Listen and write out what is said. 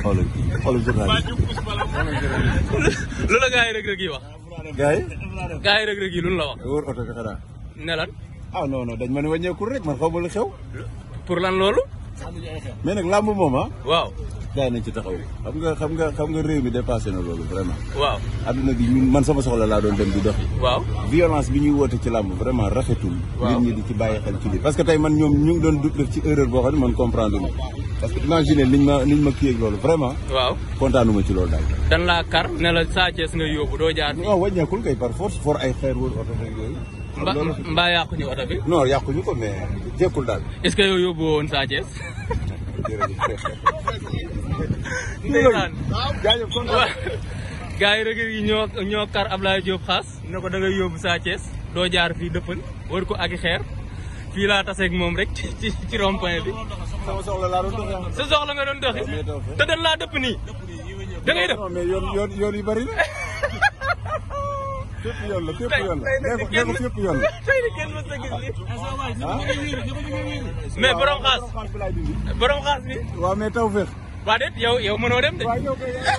xoolal xoolal journaliste. lu la gaa yi rëgg-rëgg yi wax. gaa yi. gaa yi rëgg-rëgg yi lu la wax. wóor oto bi xanaa. ne lan. ah non non dañ ma ne wàññeeku rek man xaw ma lu xew. pour lan loolu. mais nag làmb moom ah. gaa yi nañ ci taxaw xam nga xam nga xam nga réew na loolu vraiment. waaw adduna bi ñun man sama soxla laa doon dem di doxi. waaw violence bi ñuy woote ci làmb vraiment rafetul. waaw nit ñi di ci bàyyi xel ci biir parce que tey man ñoom ñu ngi doon def ci erreur boo xam ne man comprendre lu parce que imaginer niñ ma niñ ma kii ak loolu vraiment. waaw kontaanuma ci loolu daal. dan laa kar ne la Sa Thiès nga yóbbu doo jaar. non wàññeekul ay xeer wër oto rek yooyu. mba mbaa yàquñu oto bi. non yàquñu ko mais jekkul daal. est ce que yóbbu woon Sa Thiès. gaa yi rëgër yi ñoo ñoo kar Ablaye Diop xaas ne ko da yóbbu Sa doo jaar fii dëppal wër ko ak i xeer. fii laa taseeg moom rek ci ci rond-point bi. sama soxla laa doon doxee. sa soxla nga doon doxee. te dañ laa dëpp nii. da ngay def non yoon yoon yu bëri la. fépp yoon la fépp yoon la nee ko fépp yoon la. tey a gis lii. Ah, mais borom xaas borom xaas bi. waaw mais taw féex. waa déet yow yow mënoo dem de.